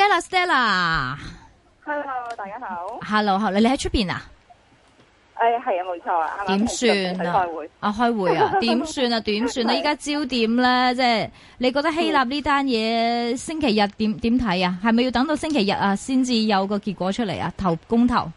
Stella，Stella，Hello，大家好。Hello，你你喺出邊啊？誒、uh, yeah,，係啊，冇錯啊。點算啊？剛剛啊，開會啊？點算啊？點算啊 點算咧？依家焦點咧，即係你覺得希臘呢單嘢星期日點點睇啊？係咪要等到星期日啊，先至有個結果出嚟啊？投公投。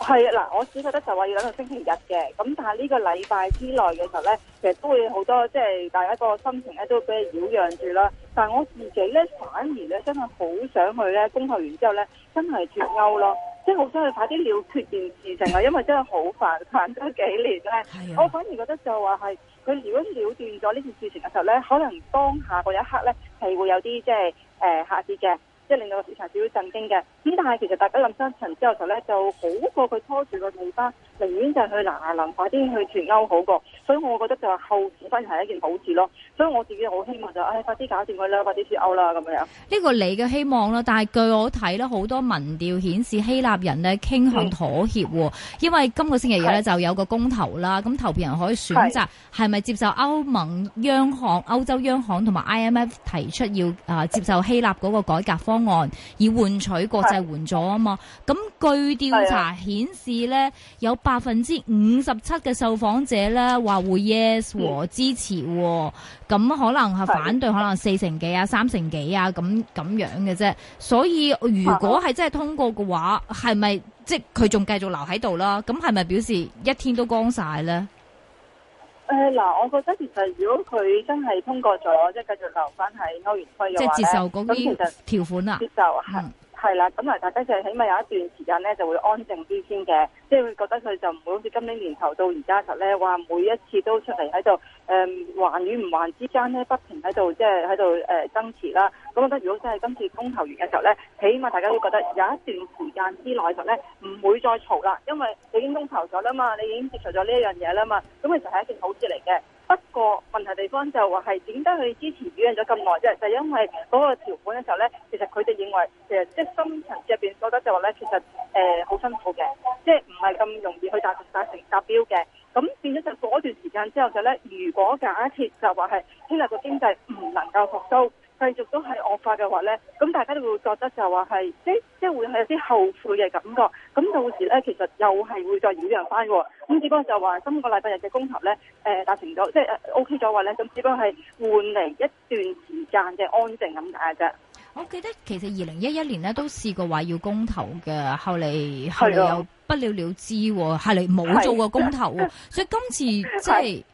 係啦，我只覺得就話要等到星期日嘅，咁但係呢個禮拜之內嘅時候咧，其實都會好多，即係大家個心情咧都俾佢擾攘住啦。但係我自己咧，反而咧真係好想去咧，公投完之後咧，真係脫歐咯，即係好想去快啲了斷件事情啊！因為真係好煩，煩咗幾年咧，我反而覺得就話係佢如果了斷咗呢件事情嘅時候咧，可能當下嗰一刻咧係會有啲即係誒吓啲嘅。呃即係令到個市場少少震驚嘅，咁但係其實大家諗深層之後咧，就好過佢拖住個尾巴。寧願就係去嗱嗱臨快啲去脫歐好過，所以我覺得就係後果反而係一件好事咯。所以我自己好希望就係、哎，快啲搞掂佢啦，快啲脫歐啦咁樣。呢個、嗯、你嘅希望啦，但係據我睇咧，好多民調顯示希臘人咧傾向妥協喎，嗯、因為今個星期日咧是就有個公投啦，咁投票人可以選擇係咪接受歐盟央行、歐洲央行同埋 IMF 提出要啊、呃、接受希臘嗰個改革方案，以換取國際援助啊嘛。咁據調查顯示呢，有百分之五十七嘅受訪者咧話會 yes 和支持，哦，咁可能係反對，的可能四成幾啊，三成幾啊，咁咁樣嘅啫。所以如果係真係通過嘅話，係咪的即係佢仲繼續留喺度啦？咁係咪表示一天都光晒咧？誒，嗱，我覺得其實如果佢真係通過咗，即係繼續留翻喺歐元區嘅話，即係接受啲條款啊，接受、嗯係啦，咁啊，大家就起碼有一段時間咧就會安靜啲先嘅，即係會覺得佢就唔會好似今年年頭到而家實咧話每一次都出嚟喺度誒橫與唔橫之間咧不停喺度即係喺度誒爭持啦。咁覺得如果真係今次公投完嘅時候咧，起碼大家都覺得有一段時間之內實咧唔會再嘈啦，因為已經公投咗啦嘛，你已經接受咗呢一樣嘢啦嘛，咁其實係一件好事嚟嘅。不過問題地方就話係點解佢之前預案咗咁耐啫？就係、因為嗰個條款嘅時候咧，其實佢哋認為其實即係深層次入邊覺得就話咧，其實誒好、呃、辛苦嘅，即係唔係咁容易去達成達成達標嘅。咁變咗就過段時間之後就咧，如果假設就話係聽日個經濟唔能夠復甦。繼續都係惡化嘅話咧，咁大家都會覺得就話係，即即會係有啲後悔嘅感覺。咁到時咧，其實又係會再擾攘翻喎。咁只不過就話今個禮拜日嘅公投咧，誒、呃、達成咗，即係 OK 咗喎咧。咁只不過係換嚟一段時間嘅安靜咁解啫。我記得其實二零一一年咧都試過話要公投嘅，後嚟後嚟又不了了之，後嚟冇做過公投。是的 所以今次即係。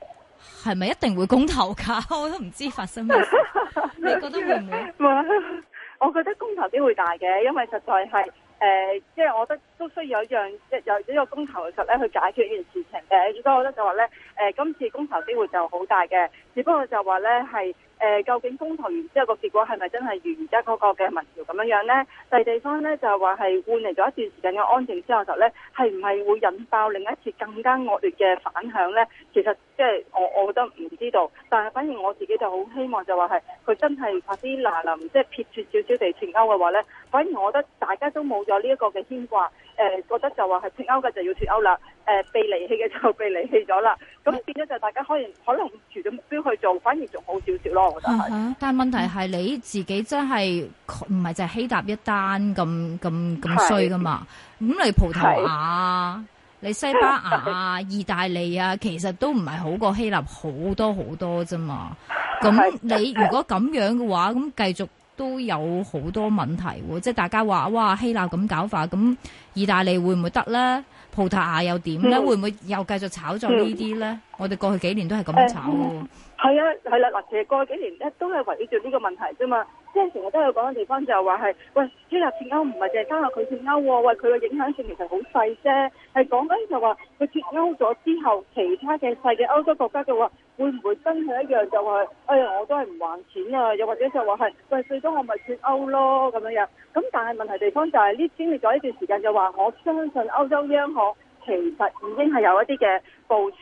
係咪一定會公投噶？ 我都唔知發生咩事 你覺得會唔會？ 我覺得公投機會大嘅，因為實在係誒、呃，即係我覺得都需要有一樣即有呢個公投，其實咧去解決呢件事情嘅。所以我覺得就話咧，誒、呃，今次公投機會就好大嘅，只不過就話咧係。誒，究竟公投完之後個結果係咪真係如而家嗰個嘅民調咁樣樣咧？第二地方呢，就係話係換嚟咗一段時間嘅安靜之後就咧，係唔係會引爆另一次更加惡劣嘅反響呢？其實即係我我覺得唔知道，但係反而我自己就好希望就話係佢真係發啲嗱嗱聲，即係撇脱少少地脱歐嘅話呢，反而我覺得大家都冇咗呢一個嘅牽掛。誒、呃，覺得就話係脱歐嘅，就要脱歐啦，誒、呃、被離棄嘅就被離棄咗啦，咁、啊、變咗就大家可能可能朝住目標去做，反而仲好少少咯，我覺得點點、啊。但係問題係你自己真係唔係就係希臘一單咁咁咁衰噶嘛？咁你葡萄牙啊，是你西班牙啊，是意大利啊，其實都唔係好過希臘好多好多啫嘛。咁你如果咁樣嘅話，咁繼續。都有好多問題喎，即係大家話哇希臘咁搞法，咁意大利會唔會得咧？葡萄牙又點咧？嗯、會唔會又繼續炒作呢啲咧？嗯、我哋過去幾年都係咁炒喎。係、嗯嗯、啊，係啦、啊，嗱、啊啊，其實過去幾年咧都係圍繞住呢個問題啫嘛。即係成日都有講嘅地方，就係話係，喂，希臘脫歐唔係淨係單靠佢脫歐喎，喂，佢嘅影響性其實好細啫，係講緊就話佢脫歐咗之後，其他嘅細嘅歐洲國家嘅話，會唔會跟佢一樣，就話哎呀，我都係唔還錢啊，又或者就話係，喂，最多我咪脫歐咯咁樣樣。咁但係問題地方就係呢，經歷咗一段時間就話，我相信歐洲央行其實已經係有一啲嘅部署，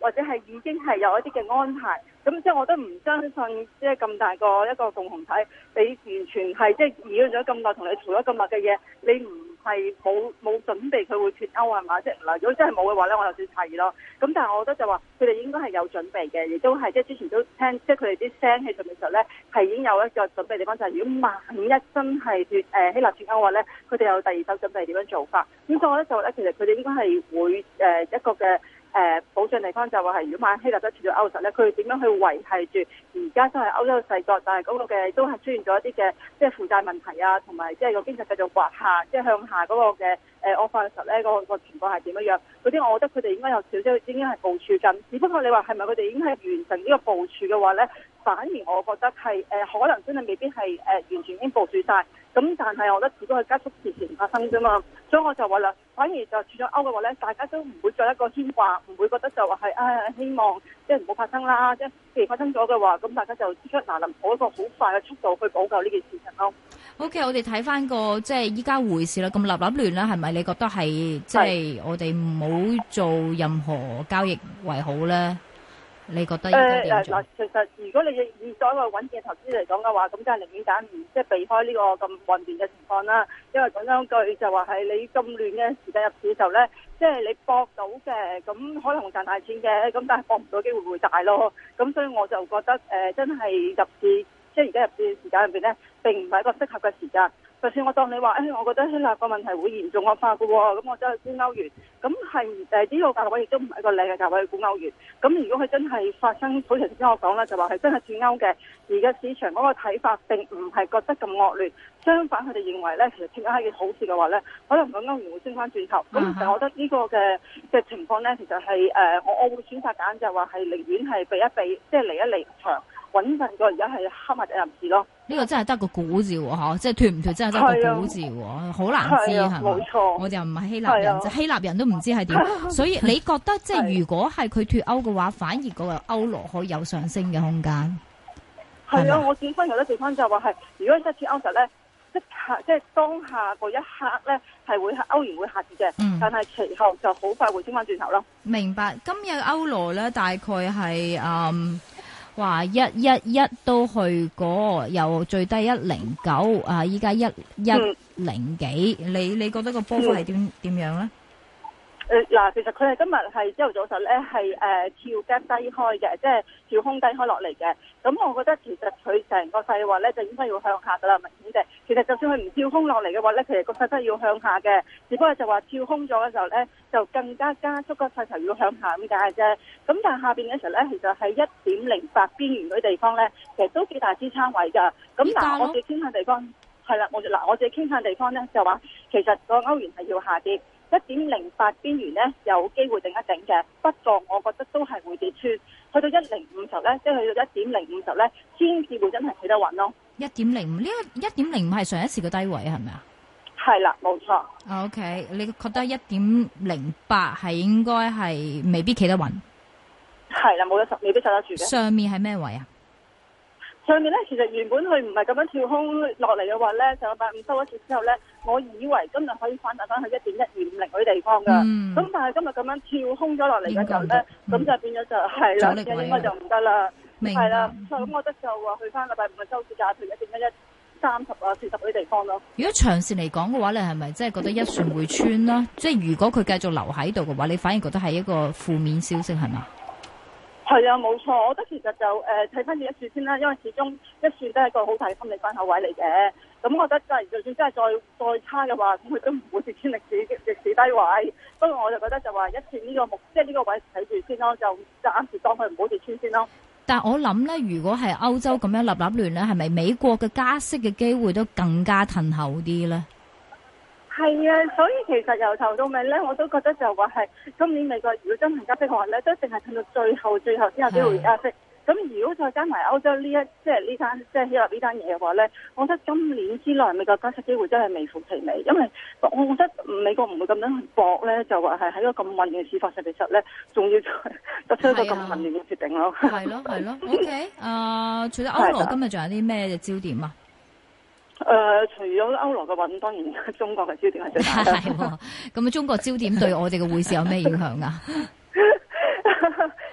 或者係已經係有一啲嘅安排。咁、嗯、即係我都唔相信，即係咁大個一個共同體，你完全係即係議論咗咁耐，同你吵咗咁密嘅嘢，你唔係冇冇準備佢會脱歐啊嘛？即係嗱，如果真係冇嘅話咧，我就要提咯。咁但係我覺得就話佢哋應該係有準備嘅，亦都係即係之前都聽，即係佢哋啲聲喺上面時候咧，係已經有一個準備地方就係，如果萬一真係脱誒希臘脱歐嘅話咧，佢哋有第二手準備點樣做法。咁所以我覺得就咧，其實佢哋應該係會誒、呃、一個嘅。誒保障地方就話係，如果萬一希臘咗辭掉歐實咧，佢哋點樣去維係住而家都係歐洲嘅勢局，但係嗰度嘅都係出現咗一啲嘅即係負債問題啊，同埋即係個經濟繼續滑下，即係向下嗰個嘅誒惡化嘅時候咧，呃實呢嗰個情況係點樣樣？嗰啲我覺得佢哋應該有少少已經係部署緊，只不過你話係咪佢哋已經係完成呢個部署嘅話咧？反而我覺得係誒、呃，可能真係未必係誒、呃、完全已經部署晒。咁但係我覺得只都係加速事前發生啫嘛，所以我就話啦，反而就處咗歐嘅話咧，大家都唔會再一個牽掛，唔會覺得就係啊、哎、希望即係唔好發生啦，即係既然發生咗嘅話，咁大家就推出嗱臨好一個好快嘅速度去補救呢件事情咯。O、okay, K，我哋睇翻個即係依家回事啦，咁立立亂啦，係咪你覺得係即係我哋唔好做任何交易為好咧？你覺得應該點做？誒嗱嗱，其實如果你要以作為穩健投資嚟講嘅話，咁真係寧願揀唔即係避開呢個咁混亂嘅情況啦。因為講真句，就話係你咁亂嘅時間入市嘅時候咧，即係你搏到嘅，咁可能賺大錢嘅，咁但係搏唔到機會會大咯。咁所以我就覺得，誒、呃、真係入市，即係而家入市嘅時間入邊咧，並唔係一個適合嘅時間。就算我當你話，誒、哎，我覺得希臘個問題會嚴重惡化嘅、哦，咁我走去沽歐元，咁係誒呢個價位亦都唔係一個靚嘅價位去沽歐元。咁如果佢真係發生，好似頭先我講啦，就話係真係脱歐嘅，而家市場嗰個睇法並唔係覺得咁惡劣，相反佢哋認為咧，其實脱歐係件好事嘅話咧，可能個歐元會升翻轉頭。咁其實我覺得個呢個嘅嘅情況咧，其實係誒我我會選擇揀就係話係寧願係避一避，即係離一離場。穩陣個而家係黑密人士咯，呢個真係得個古字喎。吓，即係脫唔脫真係得個古字，好難知冇錯？我就唔係希臘人，就希臘人都唔知係點，所以你覺得即係如果係佢脫歐嘅話，反而個歐羅可以有上升嘅空間？係啊，我見分有啲地方就話係，如果一脫歐實咧，即刻即係當下個一刻咧，係會歐元會下跌嘅，但係其後就好快會升翻轉頭咯。明白，今日歐羅咧大概係嗯。話一一一都去過，又最低一零九，啊，依家 一一零幾， 你你覺得個波幅係點點樣咧？ 誒，嗱、呃，其實佢係今日係朝頭早上時候咧，係誒、呃、跳低開嘅，即係跳空低開落嚟嘅。咁我覺得其實佢成個勢話咧就應該要向下噶啦，明顯地。其實就算佢唔跳空落嚟嘅話咧，其實個勢都要向下嘅，只不過就話跳空咗嘅時候咧，就更加加速個勢頭要向下咁解啫。咁但係下邊嘅時候咧，其實喺一點零八邊緣嗰地方咧，其實都幾大支撐位噶。咁嗱，我哋傾向地方係啦，冇錯。嗱，我哋傾向地方咧就話，其實個歐元係要下跌。一點零八邊緣呢，有機會頂一頂嘅，不過我覺得都係會跌穿，去到一零五十呢，即係去到一點零五十呢，先至會真係企得穩咯。一點零五呢個一點零五係上一次嘅低位係咪啊？係啦，冇錯。OK，你覺得一點零八係應該係未必企得穩？係啦，冇得受，未必受得住嘅。上面係咩位啊？上面呢，其實原本佢唔係咁樣跳空落嚟嘅話呢，上一百五收一次之後呢。我以為今日可以反彈翻去一點一二五零嗰啲地方㗎，咁但係今日咁樣跳空咗落嚟嘅時候咧，咁、嗯、就變咗就係啦，應該就唔得啦，係啦白，咁我覺得就話去翻禮拜五嘅收市價，從一點一一三十啊四十嗰啲地方咯。如果長線嚟講嘅話，你係咪真係覺得一船會穿啦？嗯、即係如果佢繼續留喺度嘅話，你反而覺得係一個負面消息係嗎？係啊，冇錯，我覺得其實就誒睇翻住一線先啦，因為始終一線都係一個好大嘅心理關口位嚟嘅。咁我覺得即係，就算真係再再差嘅話，咁佢都唔會跌穿歷史歷史低位。不過我就覺得就話一線呢個目，即係呢個位睇住先咯，就暫時當佢唔好跌穿先咯。但我諗咧，如果係歐洲咁樣立立亂咧，係咪美國嘅加息嘅機會都更加騰後啲咧？係啊，所以其實由頭到尾咧，我都覺得就話係今年美國如果真係加息嘅話咧，都淨係等到最後最後先有機會加息。咁的如果再加埋歐洲呢一即係呢單即係希臘呢單嘢嘅話咧，我覺得今年之內美國加息機會真係微乎其微，因為我我覺得美國唔會咁樣搏咧，就話係喺一個咁混亂嘅市況上，其實咧仲要作出一個咁混亂嘅決定咯。係咯係咯。O K，啊，okay. uh, 除咗歐羅今日仲有啲咩嘅焦點啊？誒、呃，除咗歐羅嘅話，當然中國嘅焦點係最大。咁中國焦點對我哋嘅匯市有咩影響啊？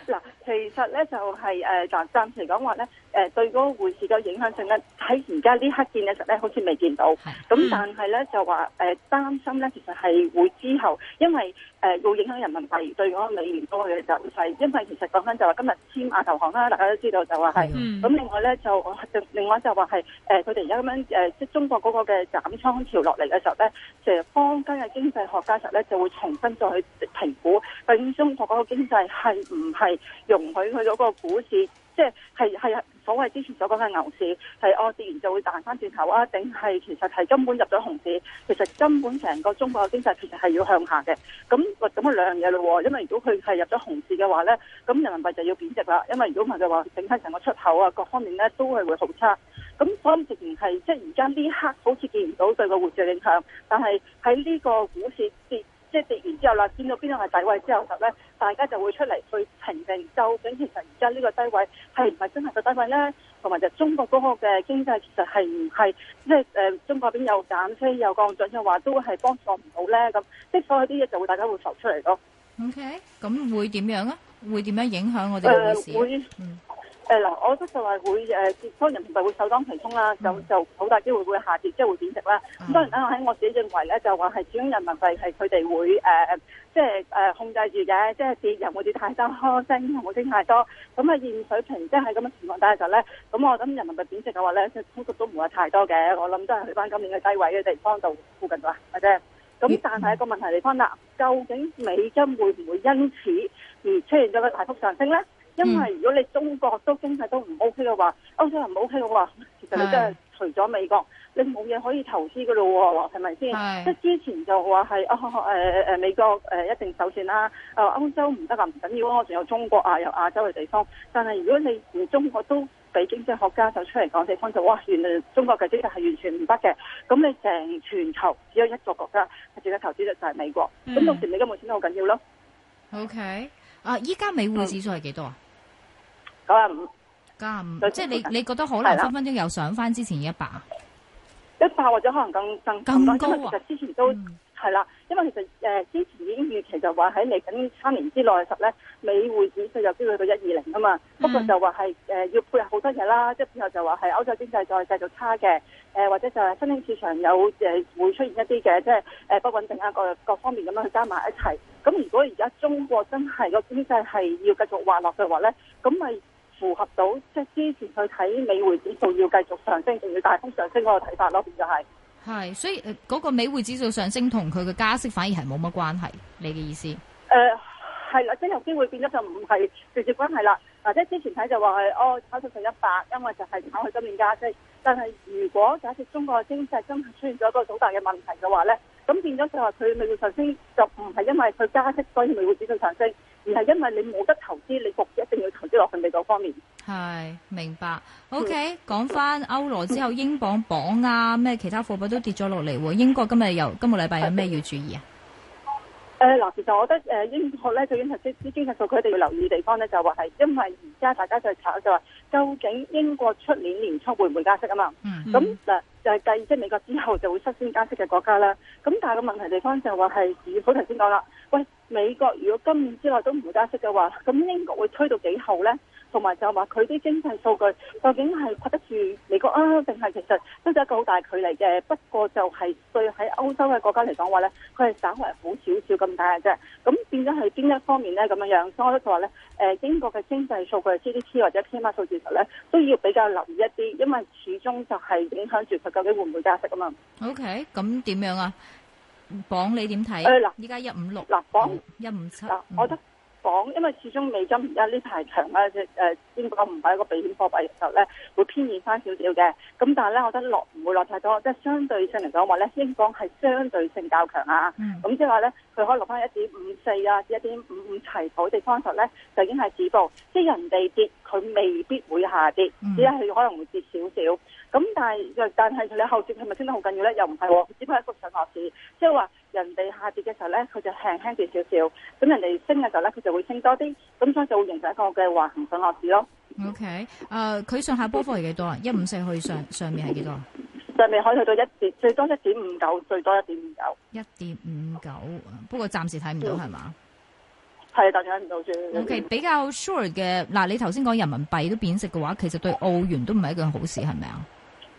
嗱，其實咧就係誒暫暫時嚟講話咧。誒對嗰個匯市嘅影響性咧，喺而家呢刻見嘅時候咧，好似未見到。咁的但係咧、嗯、就話誒、呃、擔心咧，其實係會之後，因為誒、呃、會影響人民幣對嗰個美元嗰個嘅走勢。因為其實講緊就話今日簽亞投行啦，大家都知道就話係。咁的、嗯、另外咧就另外就話係誒佢哋而家咁樣誒，即、呃、係中國嗰個嘅斬倉潮落嚟嘅時候咧，其實坊間嘅經濟學家實咧就會重新再去評估，究竟中國嗰個經濟係唔係容許佢嗰個股市？即係係係所謂之前所講嘅牛市，係哦自然就會彈翻轉頭啊！定係其實係根本入咗熊市，其實根本成個中國嘅經濟其實係要向下嘅。咁個根本兩樣嘢咯、哦，因為如果佢係入咗熊市嘅話咧，咁人民幣就要貶值啦。因為如果唔係就話整體成個出口啊，各方面咧都係會好差。咁我諗直然係即係而家呢刻好似見唔到對個匯率影響，但係喺呢個股市跌。即係跌完之後啦，見到邊度係低位之後就咧，大家就會出嚟去評定，究竟其實而家呢個低位係唔係真係個低位咧？同埋就中國嗰個嘅經濟其實係唔係，即係誒，中國邊有減息有降準又話，都係幫助唔到咧。咁即係所有啲嘢，就會大家會浮出嚟咯。O K，咁會點樣啊？會點樣影響我哋嘅市？呃會誒嗱、呃，我覺得就係會誒，當、呃、人民幣會首當其衝啦、mm.，就就好大機會會下跌，即、就、係、是、會貶值啦。咁、mm. 當然啦，喺我自己認為咧，就話係主要人民幣係佢哋會誒，即係誒控制住嘅，即係跌又冇跌太多，升又冇升太多。咁啊現水平即係咁嘅情況底下就咧，咁我諗人民幣貶值嘅話咧，其實幅度都唔會太多嘅。我諗都係去翻今年嘅低位嘅地方度附近度或者咁，但係一個問題嚟講啦，究竟美金會唔會因此而出現咗個大幅上升咧？因為如果你中國都經濟都唔 OK 嘅話，歐洲人唔 OK 嘅話，其實你真係除咗美國，你冇嘢可以投資嘅咯，係咪先？即係是 之前就話係哦誒誒美國誒一定首選啦，啊歐洲唔得啊，唔緊要啊，我仲有中國啊，有亞洲嘅地方。但係如果你連中國都俾經濟學家走出嚟講地方就哇，原來中國嘅經濟係完全唔得嘅。咁你成全球只有一個國家係值得投資嘅就係美國。咁到時你都冇錢都好緊要咯。O K. 啊，依家美匯指數係幾多啊？嗯九十五，九十五，就即係你你覺得可能分分鐘又上翻之前一百一百或者可能更更更高啊？其實之前都係啦，嗯，因為其實誒、呃、之前已經預期就話喺嚟緊三年之內實咧美匯指數就升到去到一二零啊嘛。不過就話係誒要配合好多嘢啦，即係之後就話係歐洲經濟再繼續差嘅，誒、呃、或者就係新興市場有誒、呃、會出現一啲嘅即係誒、呃、不穩定啊各各方面咁樣去加埋一齊。咁如果而家中國真係個經濟係要繼續滑落嘅話咧，咁咪？符合到即係之前去睇，美匯指數要繼續上升，仲要大幅上升嗰個睇法咯。變咗係係，所以嗰個美匯指數上升同佢嘅加息反而係冇乜關係，你嘅意思？誒。呃係啦，即係有機會變咗就唔係直接關係啦。嗱，即之前睇就話係哦，炒到成一百，因為就係炒去今年加息。但係如果假設中國嘅經濟真係出現咗一個重大嘅問題嘅話咧，咁變咗就話佢美股上升就唔係因為佢加息，所以美股指數上升，而係因為你冇得投資，你焗一定要投資落去美國方面。係，明白。OK，講翻歐羅之後，嗯、英鎊、榜啊，咩其他貨幣都跌咗落嚟。英國今日有，今個禮拜有咩要注意啊？誒，嗱、呃，事實上，我覺得誒，英國咧對英國即係經濟數據，我哋要留意嘅地方咧，就話、是、係因為而家大家就係查，就話、是，究竟英國出年年初會唔會加息啊嘛？咁嗱、嗯嗯，就係、是、繼即係美國之後，就會率先加息嘅國家啦。咁但係個問題地方就話、是、係，政府頭先講啦，喂，美國如果今年之內都唔會加息嘅話，咁英國會推到幾後咧？同埋就話佢啲經濟數據究竟係説得住美國啊，定係其實都有一個好大距離嘅？不過就係對喺歐洲嘅國家嚟講話咧，佢係稍微好少少咁大嘅啫。咁變咗係邊一方面咧咁樣樣？所以我覺得話咧，誒英國嘅經濟數據 GDP 或者 PPI 數字其實咧都要比較留意一啲，因為始終就係影響住佢究竟會唔會加息啊嘛。OK，咁點樣，樣啊？鎊你點睇？誒嗱、哎，依家一五六嗱，鎊一五七，我都。港，因為始終美金而家呢排強啦，即係誒英國唔係一個避險貨幣嘅時候咧，會偏移翻少少嘅。咁但係咧，我覺得落唔會落太多，即係相對性嚟講話咧，英國係相對性較強啊。咁即係話咧，佢可以落翻一點五四啊，至一點五五齊頭地方頭咧，就已經係止步。即係人哋跌，佢未必會下跌，只係佢可能會跌少少。咁但係，但係你後市係咪升得好緊要咧？又唔係喎，只不過係一個上落市，即係話人哋下跌嘅時候咧，佢就輕輕跌少少；咁人哋升嘅時候咧，佢就會升多啲。咁所以就會形成一個嘅橫行上落市咯。O K，誒，佢、okay, 呃、上下波幅係幾多啊？一五四去上上面係幾多啊？上面可以去到一最多一點五九，最多一點五九。一點五九，不過暫時睇唔到係嘛？係暫時睇唔到住。吧 o Okay , K，、嗯、比較 short 嘅嗱，你頭先講人民幣都貶值嘅話，其實對澳元都唔係一個好事，係咪啊？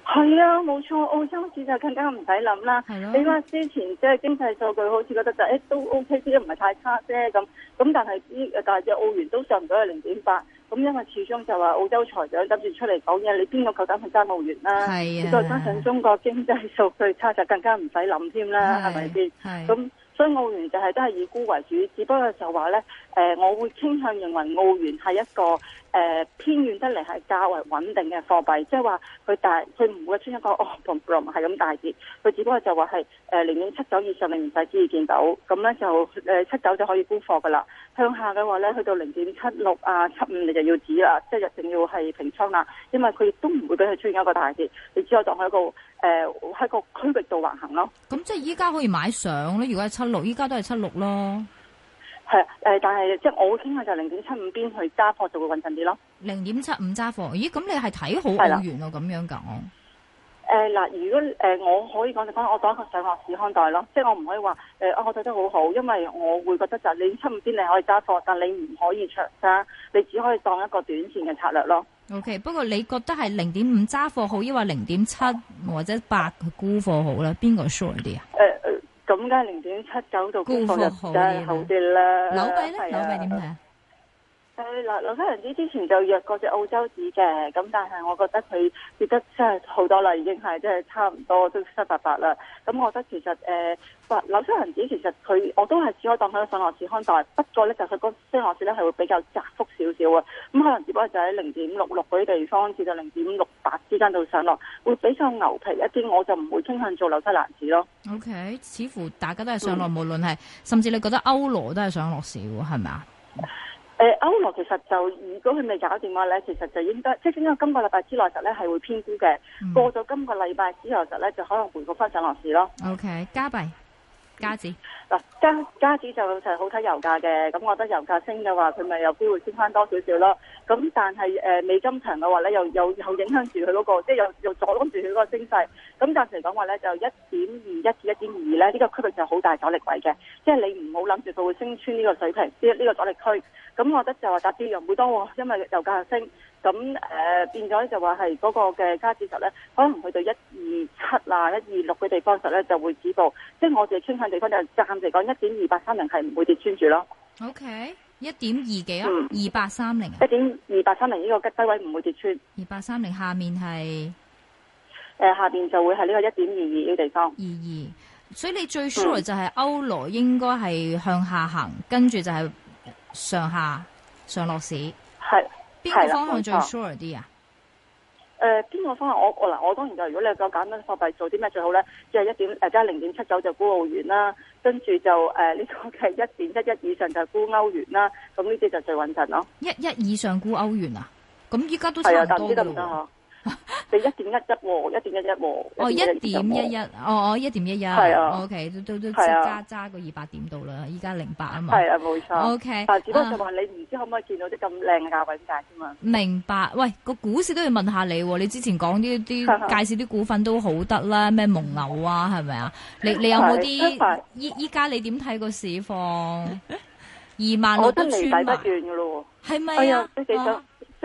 係啊，冇錯，澳洲市就更加唔使諗啦。係啊。你話之前即係經濟數據好似覺得就誒、欸、都 OK，啲嘢唔係太差啫咁。咁但係呢誒大隻澳元都上唔到去零點八。咁因為始終就話澳洲財長諗住出嚟講嘢，你邊個夠膽去揸澳元啦？係啊，再加上中國經濟數據差就更加唔使諗添啦，係咪先？係咁。所以澳元就係、是、都係以沽為主，只不過就話呢，誒、呃，我會傾向認為澳元係一個誒、呃、偏遠得嚟係較為穩定嘅貨幣，即係話佢大佢唔會出一個哦同布林咁大跌，佢只不過就話係誒零點七九以上你唔使旨意見到，咁呢就誒七九就可以沽貨噶啦。向下嘅話呢，去到零點七六啊七五你就要止啦，即係一定要係平倉啦，因為佢亦都唔會俾佢出現一個大跌，你只可以當佢一個。誒，喺、呃、個區域度橫行咯。咁、嗯、即係依家可以買上咧？如果係七六，依家都係七六咯。係誒、呃，但係即係我會傾向就零點七五邊去揸貨就會穩陣啲咯。零點七五揸貨，咦？咁你係睇好澳元咯？咁樣講？誒嗱、呃，如果誒、呃，我可以講你講，我當一個上落市看待咯。即係我唔可以話誒、呃，我對得好好，因為我會覺得就零點七五邊你可以揸貨，但你唔可以長揸，你只可以當一個短線嘅策略咯。O K，不過你覺得係零點五揸貨好，抑或零點七或者八沽貨好咧？邊個 short 啲啊？誒咁梗係零點七走到沽貨就好啲啦。紐幣咧，紐幣點睇啊？誒，紐西蘭紙之前就約過隻澳洲紙嘅，咁但係我覺得佢跌得真係好多啦，已經係即係差唔多都七八八啦。咁、嗯、我覺得其實誒，紐西蘭紙其實佢我都係只可當佢個上落市看待，不過咧就佢嗰上落市咧係會比較窄幅少少啊。咁可能只不過就喺零點六六嗰啲地方至到零點六八之間度上落，會比較牛皮一啲，我就唔會傾向做紐西蘭紙咯。O、okay, K，似乎大家都係上落，嗯、無論係甚至你覺得歐羅都係上落市嘅，係咪啊？誒，歐羅、呃、其實就如果佢未搞掂嘅話咧，其實就應得，即係應該今個禮拜之內實咧係會偏估嘅，嗯、過咗今個禮拜之後實咧就可能回復翻上落市咯。OK，加幣加錢。嗯嗱，加加指就就係好睇油價嘅，咁我覺得油價升嘅話，佢咪有機會升翻多少少咯。咁但係誒美金強嘅話咧，又又又影響住佢嗰個，即係又又阻攔住佢嗰個升勢。咁暫時嚟講話咧，就一點二一至一點二咧，呢個區域就好大阻力位嘅，即係你唔好諗住佢會升穿呢個水平，呢呢個阻力區。咁我覺得就話隔啲，又每當因為油價升，咁誒變咗就話係嗰個嘅加指實咧，可能去到一二七啊、一二六嘅地方實咧就會止步。即係我哋傾向地方就揸。我哋講一點二八三零係唔會跌穿住咯。O K，一點二幾啊？嗯，二八三零。一點二八三零呢個吉低位唔會跌穿。二八三零下面係誒、呃，下邊就會係呢個一點二二呢個地方。二二，所以你最 sure 就係歐羅應該係向下行，跟住、嗯、就係上下上落市。係邊是個方向最 sure 啲啊？誒，邊個、呃、方案我我嗱，我當然就如果你夠揀緊貨幣做啲咩最好咧，即係一點誒，即係零點七九就沽澳元啦，跟住就誒呢、呃這個係一點一一以上就沽歐元啦，咁呢啲就最穩陣咯。一一以上沽歐元啊？咁依家都係啊，但，唔知得唔得啊。你一點一一喎，一點一一喎。哦，一點一一，哦，一點一一，哦哦，一點一一，係啊。OK，都都都揸揸個二百點到啦，依家零八啊嘛。係啊，冇錯。啊啊、OK，但只不過就話、嗯、你唔知可唔可以見到啲咁靚嘅價位先嘛。明白。喂，個股市都要問下你，你之前講啲啲介紹啲股份都好得啦，咩蒙牛啊，係咪啊？你你有冇啲？依依家你點睇個市況？二萬六都算大不遠噶咯，係咪啊？哎呀，得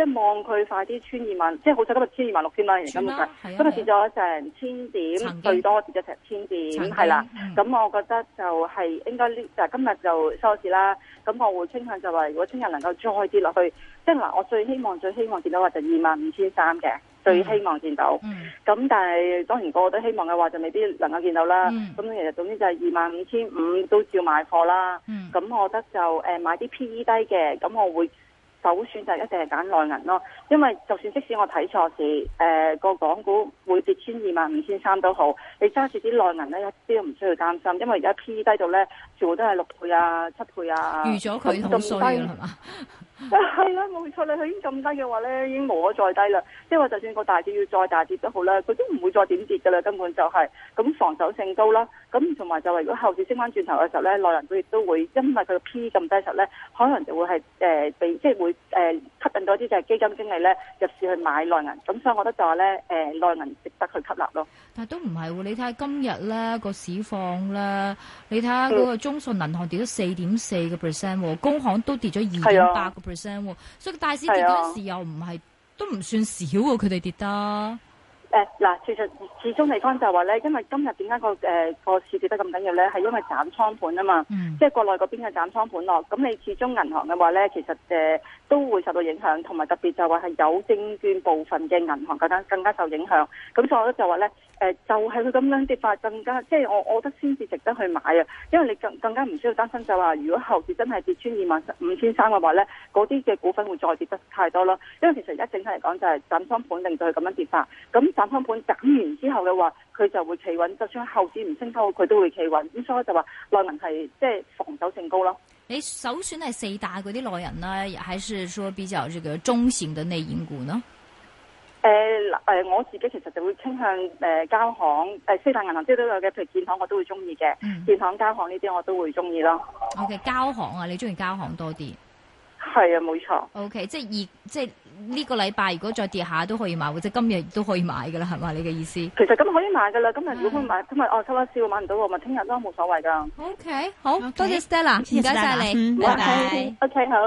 即望佢快啲穿二萬，即係好彩今日穿二萬六千蚊而家今日咁跌咗成千點，最多跌咗成千點，係啦。咁我覺得就係應該呢，就、呃、今日就收市啦。咁我會傾向就話，如果聽日能夠再跌落去，即係嗱，我最希望、最希望見到話就二萬五千三嘅，最希望見到。咁、嗯嗯、但係當然個個都希望嘅話，就未必能夠見到啦。咁、嗯、其實總之就係二萬五千五都照買貨啦。咁、嗯、我覺得就誒、呃、買啲 PE 低嘅，咁我會。首選就一定係揀內銀咯，因為就算即使我睇錯市，誒、呃、個港股會跌穿二萬五千三都好，你揸住啲內銀咧一啲都唔需要擔心，因為而家 P 低到咧全部都係六倍啊、七倍啊，預咗佢咁低係嘛？ 啊係啊、冇錯啦，已經咁低嘅話咧已經冇可再低啦，即係話就算個大市要再大跌都好咧，佢都唔會再點跌噶啦，根本就係、是、咁防守性高啦。咁同埋就係如果後市升翻轉頭嘅時候咧，內銀佢亦都會因為佢個 P 咁低嘅時候咧，可能就會係誒俾即係會誒、呃、吸引多啲就係基金經理咧入市去買內銀，咁、嗯、所以我覺得就係咧誒內銀值得去吸納咯。但係都唔係喎，你睇下今日咧個市況咧，你睇下嗰個中信銀行跌咗四點四個 percent，工行都跌咗二點八個 percent，所以大市跌嗰陣時又唔係、啊、都唔算少喎，佢哋跌得。誒，嗱、哎，其實始終嚟講就係話咧，因為今日點解個誒、呃、個市跌得咁緊要咧？係因為斬倉盤啊嘛，mm. 即係國內嗰邊嘅斬倉盤咯。咁你始終銀行嘅話咧，其實誒、呃、都會受到影響，同埋特別就話係有證券部分嘅銀行更加更加受影響。咁所以我咧就話咧，誒、呃、就係佢咁樣跌法，更加即係我我覺得先至值得去買啊。因為你更更加唔需要擔心就話，如果後市真係跌穿二萬五千三嘅話咧，嗰啲嘅股份會再跌得太多咯。因為其實而家整體嚟講就係斬倉盤令到佢咁樣跌法，咁。板塊減完之後嘅話，佢就會企穩，就算後市唔升翻，佢都會企穩。咁所以就話內銀係即係防守性高咯。你首選係四大嗰啲內銀呢，還是說比較這個中型的內銀股呢？誒誒、嗯，我自己其實就會傾向誒交行誒四大銀行，即都有嘅，譬如建行，我都會中意嘅。建行、交行呢啲我都會中意咯。OK，交行啊，你中意交行多啲。係啊，冇錯。OK，即係二，即係呢個禮拜如果再跌下都可以買，或者今日都可以買噶啦，係嘛？你嘅意思？其實咁可以買噶啦，今日如果唔買，今日哦收一少買唔到，咪聽日咯，冇所謂噶。OK，好多謝 Stella，唔該晒你，yeah, Stella. 拜拜。OK，好。